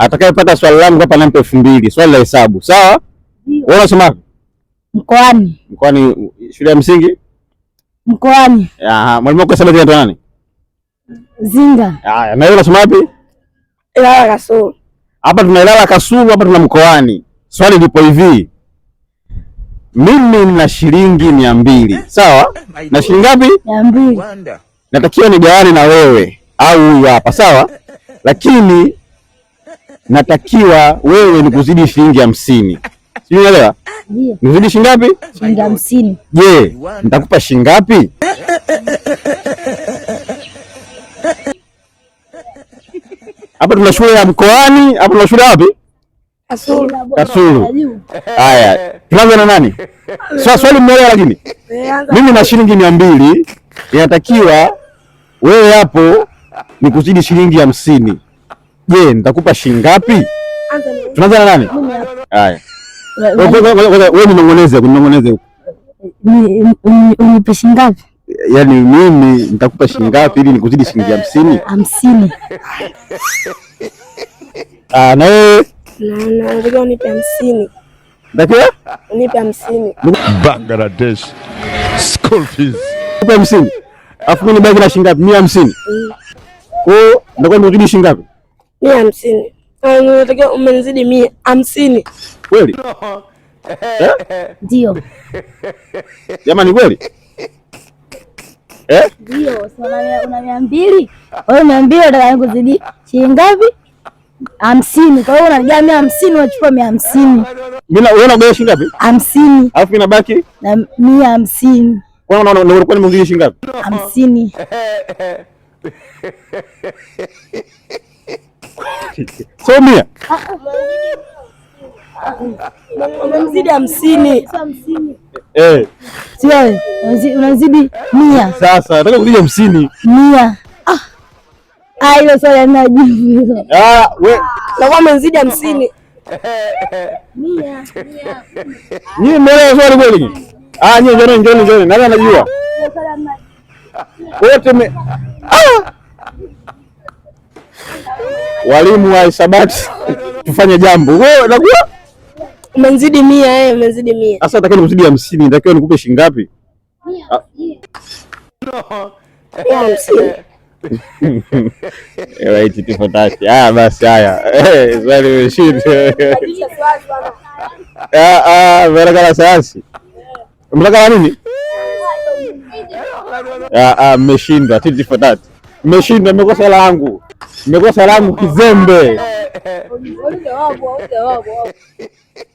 atakayepata swali langu hapa nampa elfu mbili swali la hesabu sawa. Wewe unasoma mkoani? Mkoani, shule ya msingi mkoani. Ah, mwalimu wako hesabu anaitwa nani? Zinga. Haya, na wewe unasoma wapi? Ilala Kasulu. Hapa tuna Ilala Kasulu, hapa tuna mkoani. Swali lipo hivi, mimi nina shilingi mia mbili sawa, na shilingi ngapi? mia mbili. Natakiwa nigawane na wewe au huyu hapa sawa, lakini natakiwa wewe ni kuzidi shilingi hamsini, sijui unaelewa? Nikuzidi shilingi ngapi? Shilingi hamsini. Je, nitakupa shilingi ngapi? Hapa tuna shule ya mkoani, hapa tuna shule wapi? Kasulu. Haya, tunaanza na nani? Sasa swali mmoja, lakini mimi na shilingi mia mbili inatakiwa wewe hapo ni kuzidi shilingi hamsini. Je, nitakupa shilingi ngapi? Tunaanza na nani? Haya. Wewe ninong'oneze, kunong'oneze huko. Unipe shilingi ngapi? Yaani mimi nitakupa shilingi ngapi ili nikuzidi shilingi hamsini? Hamsini. Ah, na wewe? Na na ngoja unipe hamsini. Ndakia? Unipe hamsini. Bangladesh school fees. Unipe hamsini. Afu mimi nibaki na shilingi ngapi? 150. Mm. Kwa hiyo ndakuwa nikuzidi shilingi ngapi? mia hamsini ah, natakiwa umenizidi mia hamsini kweli? Eh? Eh? Ndio jamani, kweli eh? ndio. Una mia mbili wewe, mia mbili unataka nikuzidi shilingi ngapi? hamsini. Kwa hiyo unajaa mia hamsini unachukua mia hamsini unagawa shilingi ngapi? hamsini. Alafu inabaki na mia hamsini. Kwa hiyo unaona nimezidi shilingi ngapi? hamsini somia unamzidi hamsini eh. unazidi mia. Sasa nataka kuja hamsini mia ah. Ah, hilo swala najibu ah, nakuwa menzidi hamsini nyie mmeelewa swali kweli? Nyie njoni, njoni, njoni, nani anajua? wote me... ah! walimu wa hisabati tufanye jambo wewe nakuwa umezidi mia eh, umezidi mia sasa. Nataka nimzidi hamsini, nitakiwa nikupe shilingi ngapi? Ah. Haya ah, basi, haya eh, swali umeshinda. Mnataka la sayansi, mnataka la nini? Ah, ah, mmeshindwa, meshinda mmekosa langu, mmekosa langu kizembe.